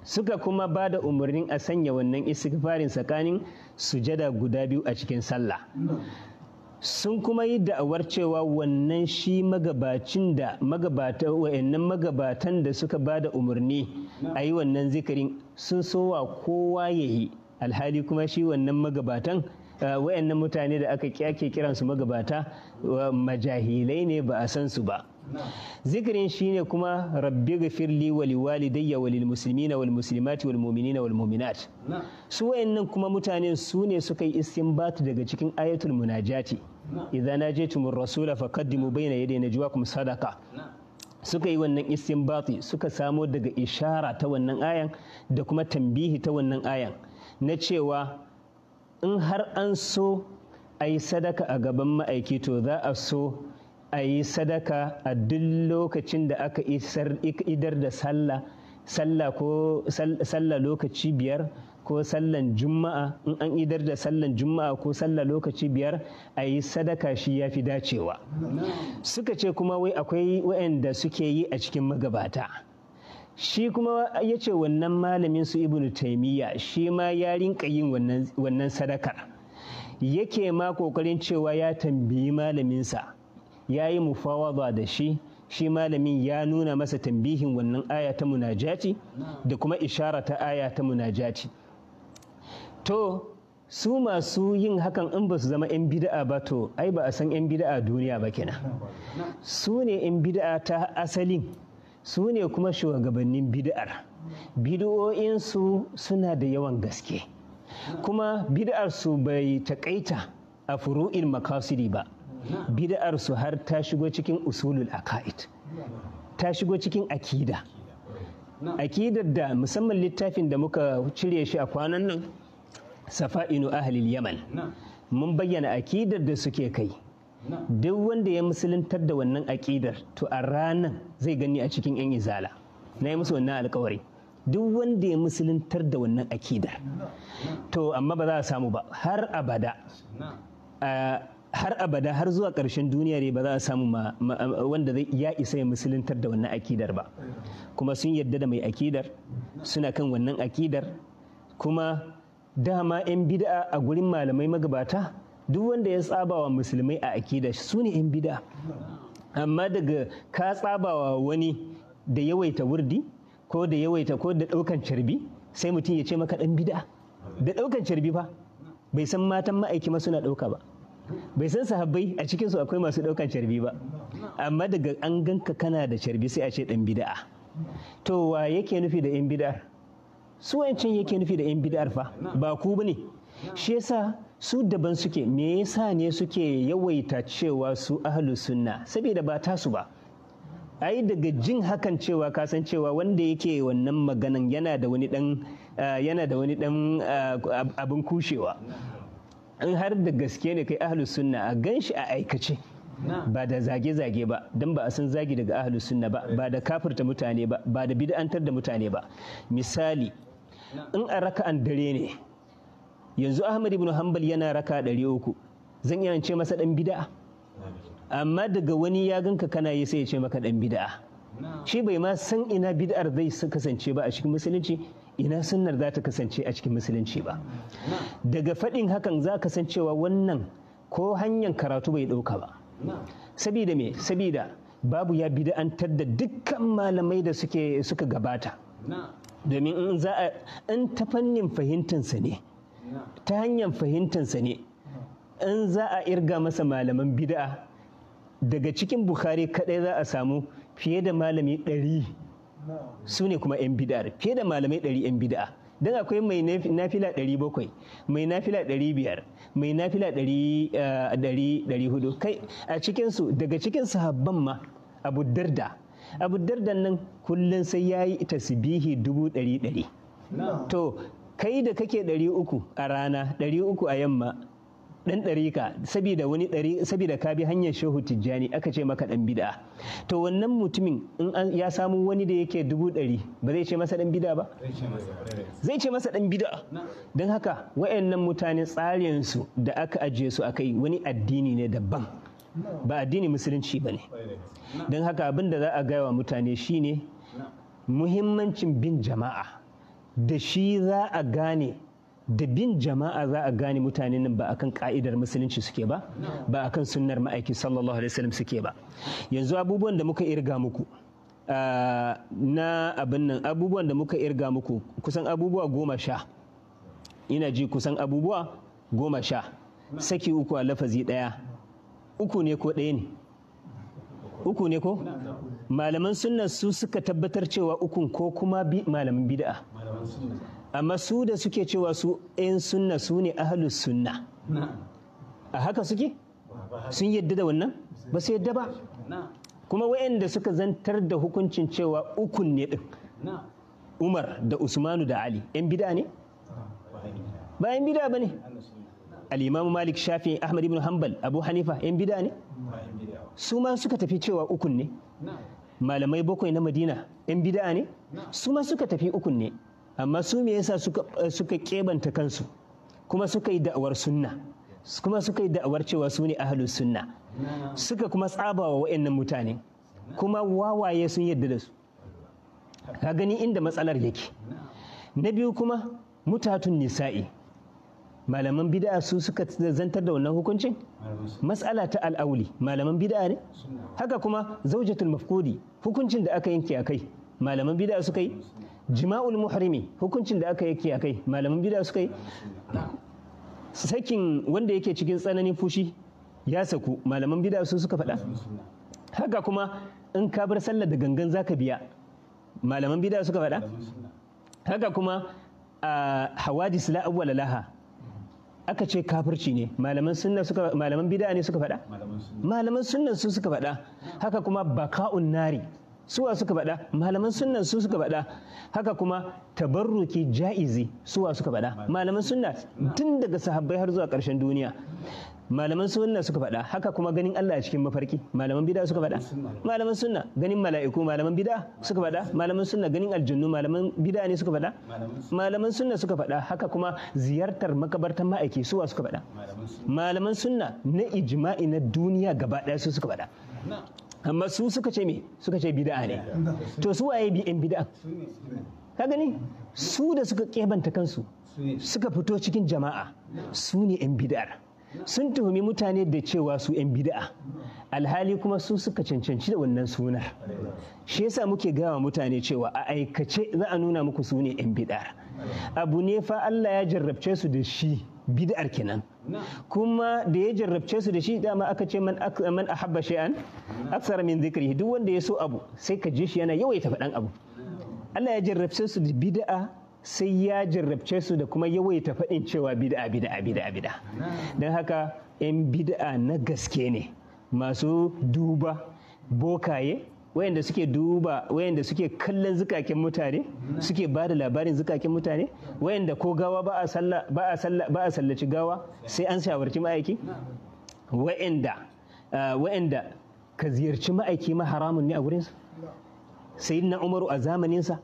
suka kuma ba da umarnin a sanya wannan istighfarin tsakanin sujada guda biyu a cikin sallah sun kuma yi da'awar cewa wannan shi magabacin da wa'annan magabatan da suka ba da umarni a yi wannan zikirin sun sowa kowa ya yi alhali kuma shi wannan magabatan eh, wa'annan mutane da aka kyake kiransu magabata majahilai ne ba a san su ba zikirin shine kuma rabbi gafirli wa liwalidayya wa wali wal muslimati wal mu'minina wal mu'minat su wayannan kuma mutanen su ne suka yi istinbat daga cikin ayatul munajati idza najaytumur rasula faqaddimu bayna yaday najwaakum sadaqa suka yi wannan batu, suka samo daga ishara ta wannan ayan da kuma tambihi ta wannan ayan na cewa in har an so ayi sadaka a gaban ma'aiki to za a so a yi sadaka a duk lokacin da aka idar da sallah ko sallah lokaci biyar ko sallan juma'a in an idar da sallan juma'a ko sallah lokaci biyar a yi sadaka shi ya fi dacewa suka ce kuma wai akwai waɗanda suke yi a cikin magabata shi kuma ya ce wannan malamin su ibnu taimiyya shi ma ya rinka yin wannan sadakar yake ma kokarin cewa ya tambayi malaminsa ya yi ba da shi shi malamin ya nuna masa tambihin wannan aya ta munajati da kuma ishara ta aya ta munajati to su masu yin hakan in ba su zama 'yan bida'a ba to ai ba a san 'yan bida'a duniya ba kenan su ne 'yan bida'a ta asalin su ne kuma shugabannin bida'ar bida'o'insu suna da yawan gaske kuma bida'ar su bai taƙaita a furu'in makasiri ba bid'ar su har ta shigo cikin usulul aqaid ta shigo cikin akida akidar da musamman littafin da muka cire shi a kwanan nan safa'inu ahlil yaman mun bayyana akidar da suke kai duk wanda ya musuluntar da wannan akidar to a ranan zai gani a cikin 'yan izala na yi musu wannan alkawari duk wanda ya musuluntar da wannan akidar to amma ba za a samu ba har abada har abada har zuwa ƙarshen duniya ne ba za a samu wanda zai ya isa ya musuluntar da wannan akidar ba kuma sun yarda da mai akidar suna kan wannan akidar kuma dama 'yan bid'a a gurin malamai magabata duk wanda ya tsabawa musulmai a akidar su ne 'yan bid'a amma daga ka tsabawa wani da yawaita wurdi ko da yawaita ko da ɗaukan carbi sai mutum ya ce maka ɗan bid'a da ɗaukan carbi fa bai san matan ma'aiki ma suna ɗauka ba bai san sahabbai a cikin su akwai masu ɗaukan carbi ba amma daga an ganka kana da carbi sai a ce dan bida'a to wa yake nufi da 'yan bid'ar su wancan yake nufi da 'yan bid'ar fa ba ku bane shi yasa su daban suke me yasa ne suke yawaita cewa su ahlu sunna saboda ba su ba ai daga jin hakan cewa ka san cewa wanda yake wannan maganan yana da wani dan eh, yana da wani dan eh, abin kushewa in har da gaske ne kai ahlus sunna a gan shi a aikace ba da zage-zage ba don ba a san zagi daga ahlus sunna ba ba da kafirta mutane ba ba da bid'antar da mutane ba misali in a raka'an dare ne yanzu ahmad ibn hanbal yana raka ɗari uku zan iya ce masa ɗan bida'a amma daga wani ya ganka kana yi sai ya ce maka ɗan bida'a shi bai ma san ina bid'ar zai kasance ba a cikin musulunci ina sunnar za ta kasance a cikin musulunci ba daga faɗin hakan za ka san cewa wannan ko hanyar karatu bai ɗauka ba sabida me sabida babu ya bida'antar da dukkan malamai da suke suka gabata domin in in ta fannin fahimtansa ne ta hanyar fahimtansa ne in za a irga masa malaman bida'a daga cikin bukhari kadai za a samu fiye da malami ɗari su ne kuma 'yan bid'ar fiye da malamai 100 'yan bid'a don akwai mai nafila 700 mai nafila biyar, mai nafila 400 eh, kai a cikinsu daga cikin sahabban ma abu darda abu dardan nan kullum sai ya yi tasbihi dubu ɗari ɗari to kai da kake ɗari uku a rana ɗari uku a yamma dan ɗarika sabida wani ɗari saboda ka bi hanyar shehu tijjani aka ce maka dan bid'a to wannan mutumin in ya samu wani da yake dubu ɗari ba zai ce masa dan bid'a ba zai ce masa dan bid'a don haka wayannan mutane tsarin da aka ajiye su kai wani addini ne daban ba addini musulunci ba ne don haka abin da za a gaya wa mutane shine muhimmancin bin jama'a da shi za a gane da bin jama'a za a gane mutanen nan ba kan ka'idar musulunci suke ba ba a kan sunnar ma'aiki sallallahu alaihi wasallam suke ba yanzu abubuwan da muka irga muku ah, na abin nan abubuwan da muka irga muku kusan abubuwa goma sha ina ji kusan abubuwa goma sha saki uku a lafazi ɗaya uku ne ko ɗaya ne uku ne ko malaman sunna su suka tabbatar cewa ukun ko kuma malamin bid'a amma su da suke cewa su 'yan sunna su ne ahalus sunna a haka suke sun yadda da wannan ba su yadda ba kuma waɗanda suka zantar da hukuncin cewa ukun ne ɗin umar da usmanu da ali 'yan bida ne ba 'yan bida ba ne al'imamu malik shafi ahmad ibn hanbal abu hanifa 'yan bida ne su ma suka tafi cewa ukun ne malamai bakwai na madina 'yan bida ne su ma suka tafi ukun ne amma su me yasa eh, suka kebanta kansu kuma suka yi da'awar sunna kuma suka yi da'awar cewa su ne ahlus sunna suka kuma tsabawa wa'annan mutane kuma wawaye sun yadda da su ka gani inda matsalar yake na biyu kuma mutatun nisa'i malaman bid'a su suka zantar da wannan hukuncin matsala ta al'auli malaman bida'a ne haka kuma zaujatul mafkudi hukuncin da aka yanke a kai malaman bida'a suka yi jima'ul muhrimi hukuncin da aka yake kai malaman bid'a suka yi sakin wanda yake cikin tsananin fushi ya saku malaman bid'a su suka faɗa haka kuma in ka bar sallar da gangan zaka biya malaman bid'a suka faɗa haka kuma a hawadis la awwala laha aka ce kafirci ne malaman sunna suka malaman bid'a ne suka faɗa malaman sunna su suka faɗa haka kuma baka'un nari suwa suka faɗa malaman sunnan su suka faɗa haka kuma tabarruki ja'izi suwa suka faɗa malaman sunna tun daga sahabbai har zuwa ƙarshen duniya malaman sunna suka faɗa haka kuma ganin Allah a cikin mafarki malaman bida suka faɗa malaman sunna ganin mala'iku malaman bida suka faɗa malaman sunna ganin aljannu malaman bida ne suka faɗa malaman sunna suka faɗa haka kuma ziyartar makabartan ma'aiki suwa suka faɗa malaman sunna na ijma'i na duniya gaba ɗaya su suka faɗa amma su suka ce me suka ce bid'a ne to su waye bi'in bid'a ka gani su da suka kebanta kansu suka fito cikin jama'a su ne 'yan bid'ar sun tuhumi mutane da cewa su 'yan bida'a. alhali kuma su suka cancanci da wannan suna shi yasa muke gawa mutane cewa a aikace za a nuna muku su ne 'yan bid'ar abu ne fa Allah ya jarrabce su da shi bid'ar kenan kuma da ya jarrabce su da shi dama aka ce man man ahabba shay'an aksara min zikri duk wanda ya so abu sai ka je shi yana yawaita faɗan abu Allah ya jarrabce su da bid'a sai ya jarrabce su da kuma yawaita faɗin cewa bid'a bid'a bid'a bid'a don haka 'yan bid'a na gaske ne masu duba bokaye wayanda suke duba wayanda suke kallon zukaken mutane suke ba da labarin zukaken mutane wayanda ko gawa ba a sallaci gawa sai an shawarci ma'aiki wayanda ah, ka ziyarci ma'aiki ma haramun ne a gurinsa na umaru a zamaninsa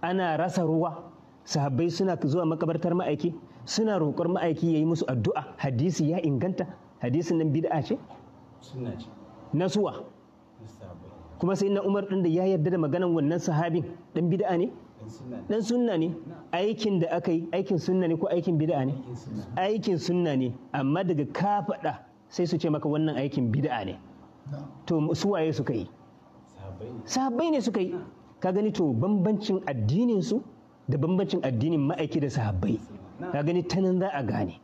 ana rasa ruwa sahabbai suna zuwa makabartar ma'aiki suna roƙar ma'aiki ya yi musu addu'a hadisi ya inganta hadisin nan bid'a ce nasuwa kuma sai na umar ɗin da ya yarda da maganan wannan sahabin ɗan bid'a ne ɗan sunna ne aikin da aka yi aikin sunna ne ko aikin bid'a ne aikin sunna ne amma daga ka faɗa sai su ce maka wannan aikin bid'a ne to su waye suka yi sahabbai ne suka yi ka gani to bambancin addinin su da bambancin addinin ma'aiki da sahabbai ka gani ta nan za a gane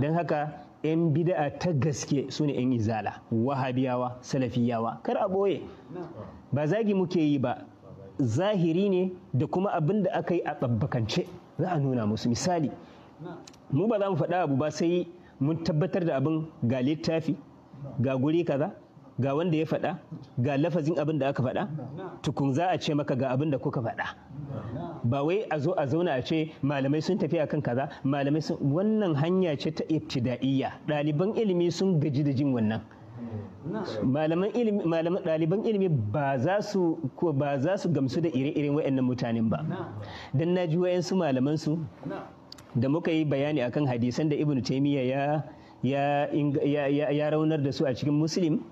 don haka 'yan bida'a ta gaske su ne 'yan izala wahabiyawa salafiyawa kar a ɓoye ba zagi muke yi ba zahiri ne da kuma abin da aka yi a tsabbakance za a nuna musu misali mu ba za mu faɗa abu ba sai mun tabbatar da abin ga littafi ga guri kaza ga wanda ya faɗa ga lafazin abin da aka faɗa tukun za a ce maka ga abin da kuka faɗa ba wai a zo a zauna a ce malamai sun tafi akan kaza malamai sun wannan hanya ce ta ibtida'iyya ɗaliban ilimi sun gaji da jin wannan malaman ilimi malaman ɗaliban ilimi ba za su ko ba za su gamsu da ire-iren waɗannan mutanen ba dan naji wayansu malaman su da muka yi bayani akan hadisan da ibnu taymiya ya ya raunar da su a cikin muslim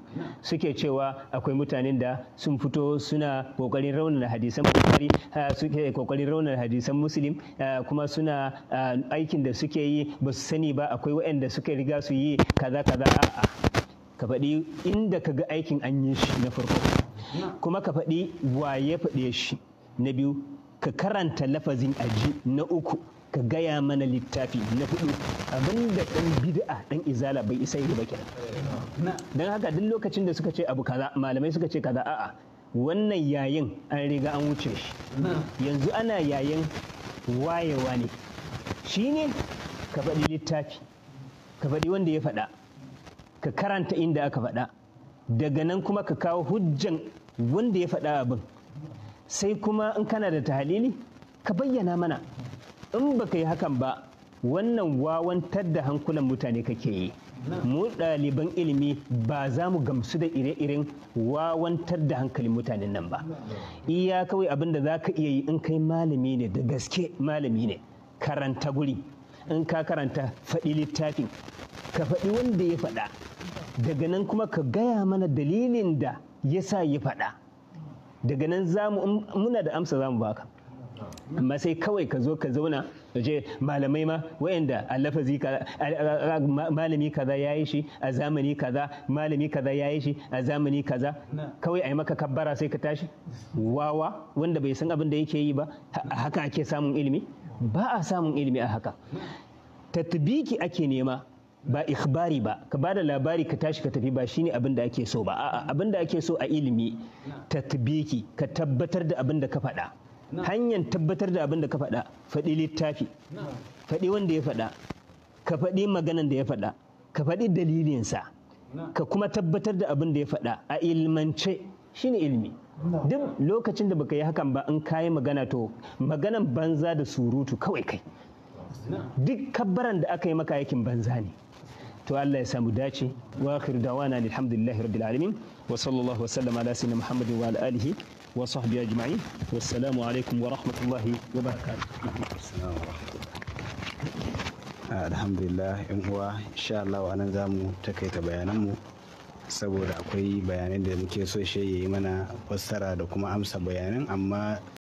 suke cewa akwai mutanen da sun fito suna kokarin raunar hadisan bukari suke kokarin raunar hadisan muslim kuma suna aikin da suke yi ba su sani ba akwai waɗanda suka riga su yi kaza kaza a'a ka faɗi inda ka ga aikin an yi shi na farko kuma ka faɗi waye faɗe shi na biyu ka karanta lafazin aji na uku ka gaya mana littafi na hudu abinda dan bid'a dan izala bai isa yi ba kenan dan haka duk lokacin da suka ce abu kaza malamai suka ce kaza a'a wannan yayin an riga an wuce shi yanzu ana yayin wayewa ne shine ka faɗi littafi ka faɗi wanda ya faɗa ka karanta inda aka faɗa daga nan kuma ka kawo hujjan wanda ya faɗa abin sai kuma in kana da tahalili ka bayyana mana in baka yi hakan ba wannan wawantar da hankulan mutane kake yi mu ɗaliban ilimi ba za mu gamsu da ire-iren wawantar da hankalin mutanen nan ba iya kawai abin da za ka iya yi in kai malami ne da gaske malami ne karanta guri in ka karanta faɗi littafin ka faɗi wanda ya faɗa daga nan kuma ka gaya mana dalilin da ya sa ya faɗa daga nan muna da amsa za mu baka amma sai kawai ka zo ka zauna da je malamai ma wayanda a lafazi kaza malami kaza ya yi shi a zamani kaza malami kaza ya yi shi a zamani kaza kawai a yi maka kabbara sai ka tashi wawa wanda bai san abin da yake yi ba a haka ake samun ilimi ba a samun ilimi a haka tatbiki ake nema ba ikhbari ba ka ba da labari ka tashi ka tafi ba shine abin da ake so ba a'a abin da ake so a ilimi tatbiki ka tabbatar da abin da ka faɗa hanyar tabbatar da abinda ka faɗa faɗi littafi faɗi wanda ya faɗa ka faɗi maganan da ya faɗa ka faɗi dalilinsa ka kuma tabbatar da abin da ya faɗa a ilmance shine ilmi duk lokacin da baka yi hakan ba in kayi magana to maganan banza da surutu kawai kai duk kabbaran da aka yi maka yakin banza ne to Allah ya samu dace wa akhir dawana alhamdulillahi rabbil alamin wa sallallahu wa sallama ala sayyidina muhammadin wa alihi وصحبه أجمعين والسلام عليكم ورحمة الله وبركاته السلام ورحمة الله alhamdulillah yan uwa insha Allah nan za mu takaita bayananmu saboda akwai bayanai da muke so shi yi mana fassara da kuma amsa bayanan amma